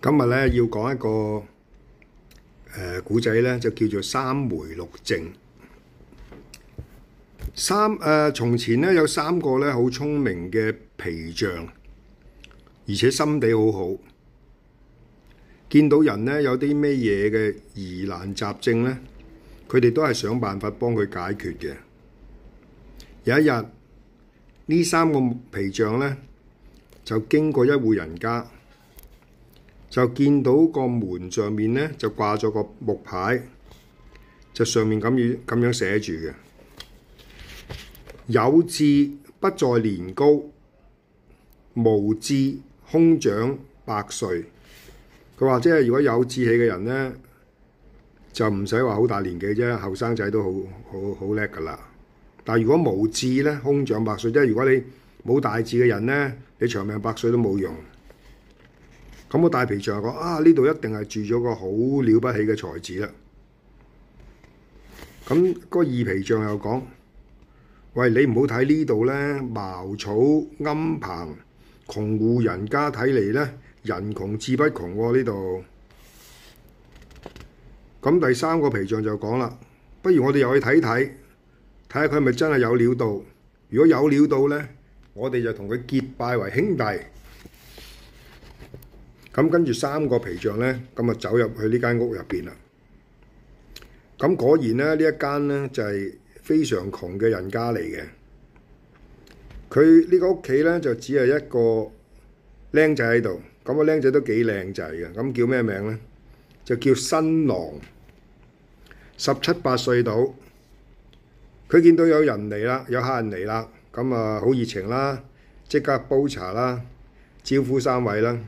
今日咧要講一個誒古仔咧，就叫做三媒六證。三誒，從、呃、前咧有三個咧好聰明嘅皮匠，而且心地好好。見到人咧有啲咩嘢嘅疑難雜症咧，佢哋都係想辦法幫佢解決嘅。有一日，呢三個皮匠咧就經過一戶人家。就見到個門上面咧，就掛咗個木牌，就上面咁樣咁樣寫住嘅：有志不在年高，無志空長百歲。佢話即係，如果有志氣嘅人咧，就唔使話好大年紀啫，後生仔都好好好叻㗎啦。但係如果無志咧，空長百歲啫。即係如果你冇大志嘅人咧，你長命百歲都冇用。咁個大皮匠就講：啊，呢度一定係住咗個好了不起嘅才子啦！咁個二皮匠又講：喂，你唔好睇呢度咧，茅草庵棚，窮戶人家睇嚟咧，人窮志不窮喎呢度。咁第三個皮匠就講啦：不如我哋入去睇睇，睇下佢係咪真係有料到？如果有料到咧，我哋就同佢結拜為兄弟。咁跟住三個皮匠呢，咁啊走入去呢間屋入邊啦。咁果然呢，呢一間呢就係非常窮嘅人家嚟嘅。佢呢個屋企呢，就只係一個僆仔喺度。咁個僆仔都幾靚仔嘅。咁叫咩名呢？就叫新郎，十七八歲到。佢見到有人嚟啦，有客人嚟啦，咁啊好熱情啦，即刻煲茶啦，招呼三位啦。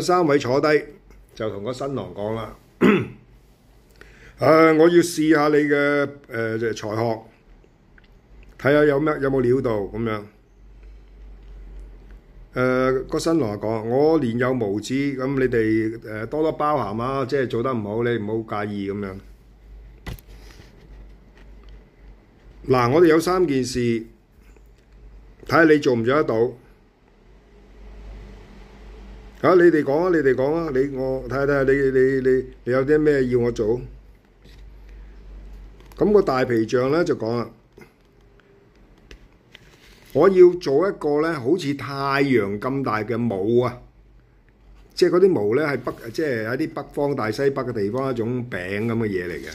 三位坐低就同個新郎講啦。誒、 呃，我要試下你嘅誒、呃、才學，睇下有咩有冇料到咁樣。誒、呃，嗰個新郎講：我年幼無知，咁你哋誒多多包涵啊，即係做得唔好，你唔好介意咁樣。嗱，我哋有三件事，睇下你做唔做得到。啊！你哋講啊！你哋講啊！你我睇下睇下，你你你你有啲咩要我做？咁個大皮匠咧就講啦，我要做一個咧好似太陽咁大嘅毛啊！即係嗰啲毛咧係北，即係喺啲北方大西北嘅地方一種餅咁嘅嘢嚟嘅。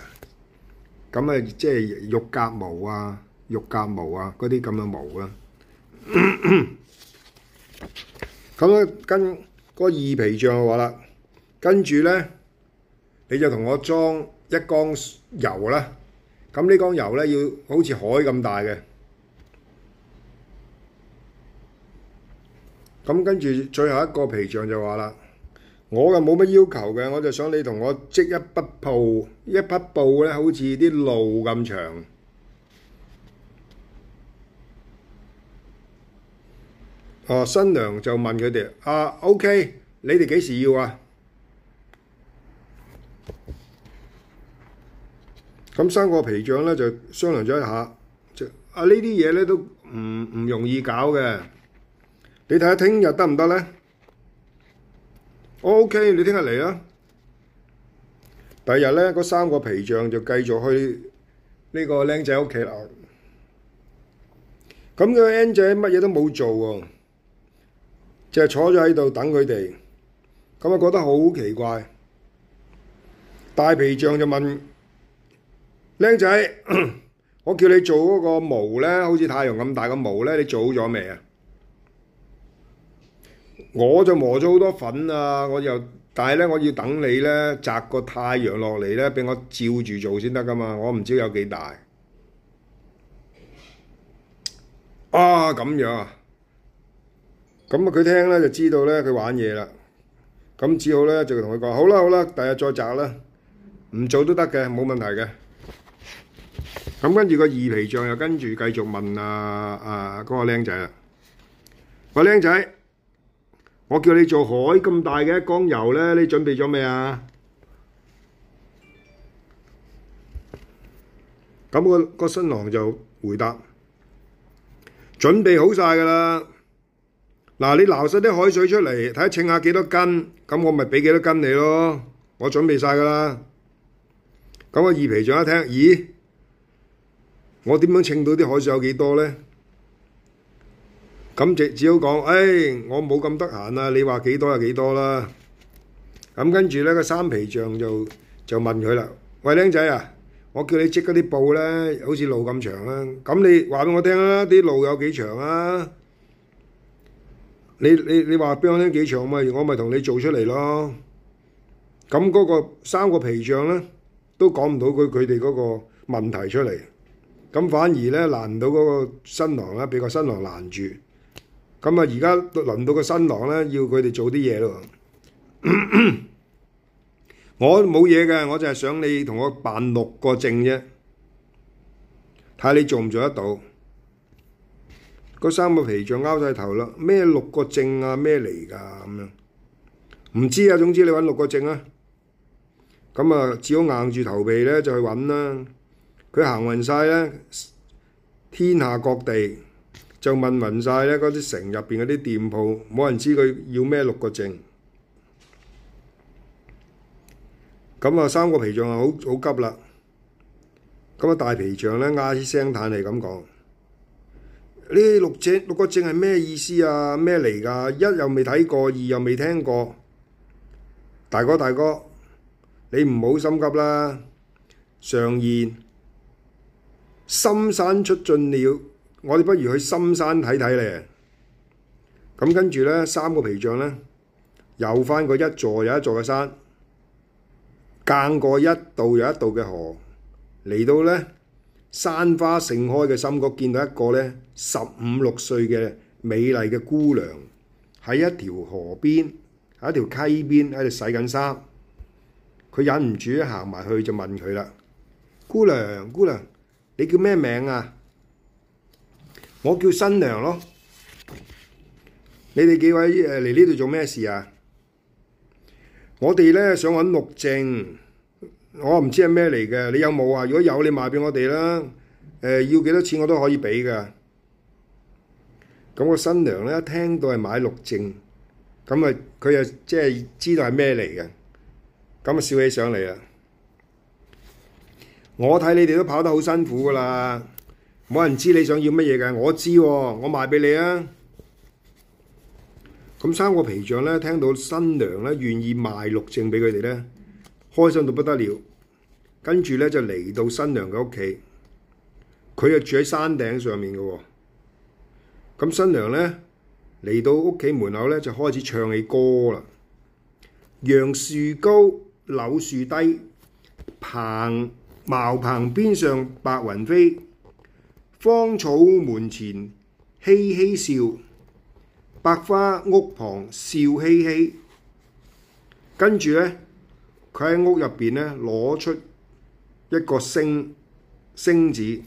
咁啊，即係肉夾毛啊、肉夾毛啊嗰啲咁嘅毛啦。咁啊跟。個二皮匠話啦，跟住咧你就同我裝一缸油啦，咁呢缸油咧要好似海咁大嘅，咁跟住最後一個皮匠就話啦，我又冇乜要求嘅，我就想你同我織一匹布，一匹布咧好似啲路咁長。哦，新娘就問佢哋：啊，OK，你哋幾時要啊？咁三個皮匠咧就商量咗一下，啊，呢啲嘢咧都唔唔容易搞嘅。你睇下聽日得唔得咧？OK，你聽日嚟啦。第二日咧，嗰三個皮匠就繼續去呢個僆仔屋企啦。咁個僆仔乜嘢都冇做喎。就坐咗喺度等佢哋，咁我覺得好奇怪。大皮匠就問：靚仔， 我叫你做嗰個模咧，好似太陽咁大個模咧，你做好咗未啊？我就磨咗好多粉啊，我又，但係咧我要等你咧，摘個太陽落嚟咧，畀我照住做先得噶嘛，我唔知有幾大。啊，咁樣啊！咁啊！佢聽咧就知道咧，佢玩嘢啦。咁只好咧就同佢講： 好啦，好啦，第日再摘啦，唔做都得嘅，冇問題嘅。咁跟住個二皮匠又跟住繼續問啊啊，嗰個僆仔啊！喂、那個，僆仔，我叫你做海咁大嘅一缸油咧，你準備咗未啊？咁、嗰個個新郎就回答：準備好晒噶啦。嗱，你撈曬啲海水出嚟，睇稱下幾多斤，咁我咪俾幾多斤你咯。我準備曬噶啦。咁個二皮匠一聽，咦？我點樣稱到啲海水有幾多咧？咁就只好講，誒，我冇咁得閒啦。你話幾多就幾多啦。咁跟住咧，個三皮匠就就問佢啦：喂，靚仔啊，我叫你織嗰啲布咧，好似路咁長啦。咁你話俾我聽啦，啲路有幾長啊？你你你話畀我聽幾長嘛？我咪同你做出嚟咯。咁嗰個三個皮匠咧，都講唔到佢佢哋嗰個問題出嚟。咁反而咧，難唔到嗰個新郎咧，俾個新郎難住。咁啊，而家輪到個新郎咧，要佢哋做啲嘢咯。我冇嘢嘅，我就係想你同我辦六個證啫，睇你做唔做得到。嗰三個皮匠拗曬頭啦！咩六個證啊，咩嚟㗎咁樣？唔知啊，總之你揾六個證啊！咁啊，只好硬住頭皮咧就去揾啦。佢行勻曬咧，天下各地就問勻曬咧，嗰啲城入邊嗰啲店鋪，冇人知佢要咩六個證。咁啊，三個皮匠啊，好好急啦！咁啊，大皮匠咧，唉聲嘆氣咁講。呢六證，六個證係咩意思啊？咩嚟㗎？一又未睇過，二又未聽過。大哥大哥，你唔好心急啦。常言深山出俊鳥，我哋不如去深山睇睇咧。咁、嗯、跟住咧，三個皮匠咧，又翻過一座又一座嘅山，間過一道又一道嘅河，嚟到咧。山花盛開嘅深谷，見到一個咧十五六歲嘅美麗嘅姑娘喺一條河邊，喺一條溪邊，喺度洗緊衫。佢忍唔住行埋去就問佢啦：姑娘，姑娘，你叫咩名啊？我叫新娘咯。你哋幾位誒嚟呢度做咩事啊？我哋咧想揾六證。」我唔知係咩嚟嘅，你有冇啊？如果有，你賣畀我哋啦。誒、呃，要幾多錢我都可以畀㗎。咁個新娘咧，一聽到係買六證，咁啊，佢又即係知道係咩嚟嘅，咁啊笑起上嚟啦。我睇你哋都跑得好辛苦㗎啦，冇人知你想要乜嘢嘅，我知喎、哦，我賣畀你啊。咁三個皮匠咧，聽到新娘咧願意賣六證畀佢哋咧。開心到不得了，跟住咧就嚟到新娘嘅屋企，佢就住喺山頂上面嘅喎、哦。咁新娘咧嚟到屋企門口咧就開始唱起歌啦。楊樹高，柳樹低，棚茅棚邊上白雲飛，芳草門前嘻嘻笑，百花屋旁笑嘻嘻，跟住咧。喺屋入邊咧，攞出一個星星子，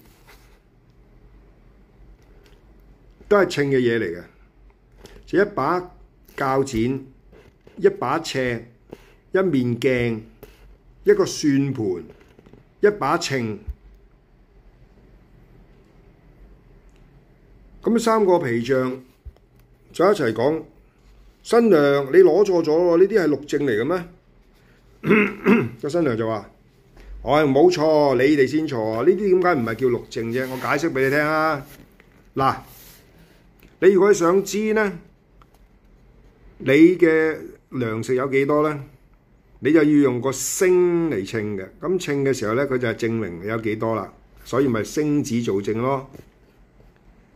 都係稱嘅嘢嚟嘅。就一把鉸剪、一把尺、一面鏡、一個算盤、一把秤。咁三個皮匠就一齊講：新娘，你攞錯咗喎！呢啲係六證嚟嘅咩？個 新娘就話：我冇錯，你哋先錯。呢啲點解唔係叫六證啫？我解釋俾你聽啦。嗱，你如果想知呢，你嘅糧食有幾多呢？你就要用個星嚟稱嘅。咁稱嘅時候呢，佢就係證明有幾多啦。所以咪星子做證咯。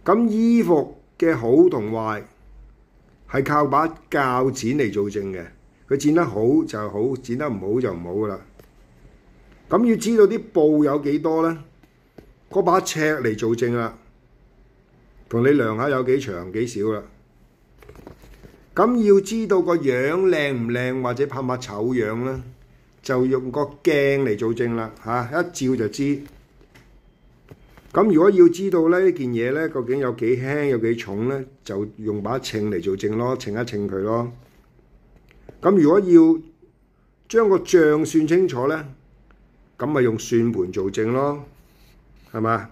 咁衣服嘅好同壞，係靠把鉸剪嚟做證嘅。佢剪得好就好，剪得唔好就唔好噶啦。咁要知道啲布有幾多咧，嗰把尺嚟做證啦，同你量下有幾長幾少啦。咁要知道個樣靚唔靚或者拍唔拍醜樣咧，就用個鏡嚟做證啦，嚇、啊、一照就知。咁如果要知道咧呢件嘢咧究竟有幾輕有幾重咧，就用把秤嚟做證咯，秤一秤佢咯。咁如果要將個帳算清楚咧，咁咪用算盤做證咯，係嘛？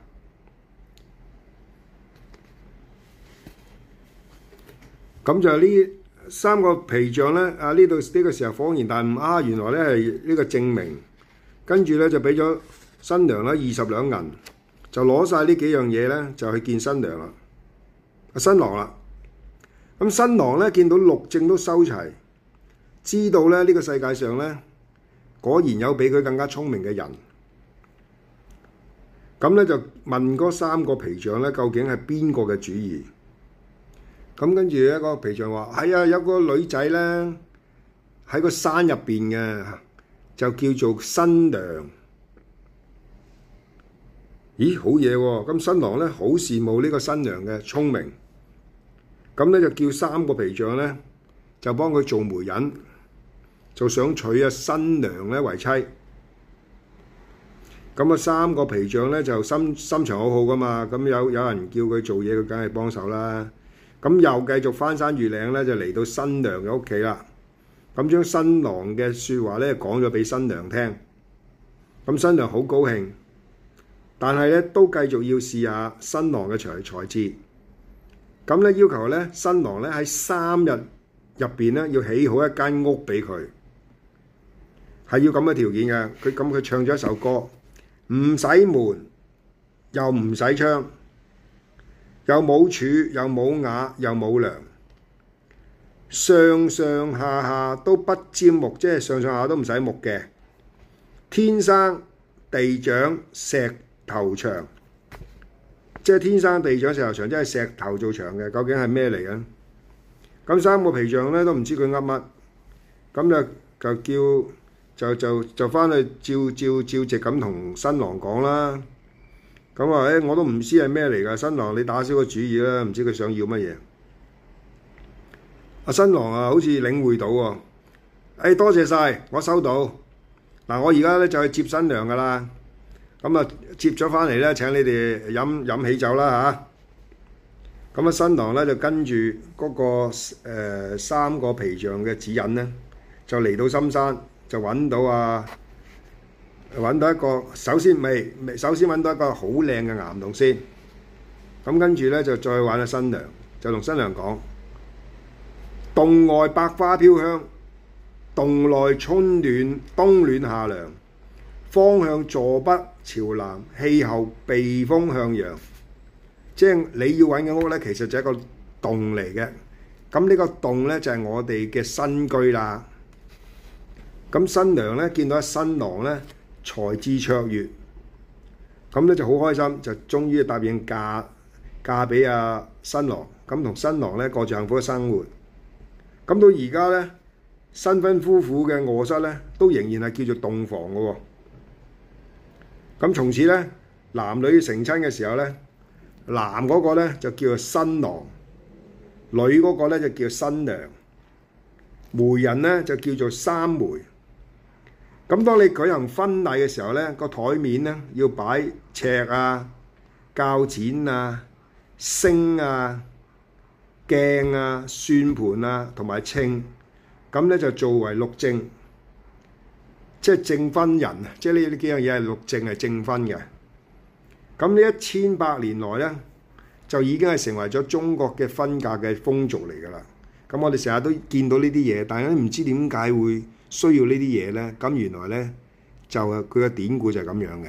咁就呢三個皮帳咧。啊，呢度呢個時候恍然大悟啊！原來咧係呢個證明，跟住咧就俾咗新娘啦二十兩銀，就攞晒呢幾樣嘢咧，就去見新娘啦。啊，新郎啦，咁新郎咧見到六證都收齊。知道呢、呢個世界上呢，果然有比佢更加聰明嘅人。咁呢，就問嗰三個皮匠呢，究竟係邊個嘅主意？咁跟住一、嗰個皮匠話：係、哎、啊，有個女仔呢，喺個山入邊嘅，就叫做新娘。咦，好嘢喎！咁新郎呢，好羨慕呢個新娘嘅聰明。咁呢，就叫三個皮匠呢，就幫佢做媒人。就想娶新娘咧為妻，咁啊三個皮匠咧就心心情好好噶嘛，咁有有人叫佢做嘢，佢梗係幫手啦。咁又繼續翻山越嶺咧，就嚟到新娘嘅屋企啦。咁將新郎嘅說話咧講咗俾新娘聽，咁新娘好高興，但係咧都繼續要試下新郎嘅才才智。咁咧要求咧新郎咧喺三日入邊咧要起好一間屋俾佢。係要咁嘅條件嘅。佢咁，佢唱咗一首歌，唔使門，又唔使窗，又冇柱，又冇瓦，又冇梁，上上下下都不沾木，即係上上下都唔使木嘅。天生地長，石頭牆，即係天生地長石頭牆，即係石頭做牆嘅。究竟係咩嚟嘅？咁三個皮匠咧都唔知佢噏乜，咁就就叫。就就就翻去照照照直咁同新郎講啦。咁話誒，我都唔知係咩嚟㗎。新郎你打消個主意啦，唔知佢想要乜嘢。阿新郎啊，好似領會到喎、啊。誒、哎，多謝晒，我收到。嗱、啊，我而家咧就去接新娘㗎啦。咁、嗯、啊，接咗翻嚟咧，請你哋飲飲喜酒啦嚇。咁啊，新郎咧就跟住嗰、那個、呃、三個皮匠嘅指引咧，就嚟到深山。就揾到啊！揾到一個，首先咪首先揾到一個好靚嘅岩洞先。咁跟住咧就再揾下新娘，就同新娘講：洞外百花飄香，洞內春暖冬暖夏涼。方向坐北朝南，氣候避風向陽。即係你要揾嘅屋咧，其實就一個洞嚟嘅。咁呢個洞咧就係我哋嘅新居啦。咁新娘咧見到新郎咧才智卓越，咁咧就好開心，就終於答應嫁嫁俾阿、啊、新郎，咁同新郎咧過丈夫嘅生活。咁到而家咧新婚夫婦嘅臥室咧都仍然係叫做洞房嘅喎、哦。咁從此咧男女成親嘅時候咧，男嗰個咧就叫做新郎，女嗰個咧就叫做新娘，媒人咧就叫做三媒。咁當你舉行婚禮嘅時候咧，個台面咧要擺尺啊、鉸剪啊、升啊、鏡啊、算盤啊同埋秤，咁咧就作為六證，即係證婚人，即係呢呢幾樣嘢係六證係證婚嘅。咁呢一千百年來咧，就已經係成為咗中國嘅婚嫁嘅風俗嚟㗎啦。咁我哋成日都見到呢啲嘢，但係都唔知點解會需要呢啲嘢咧，咁原來咧就係佢嘅典故就係咁樣嘅。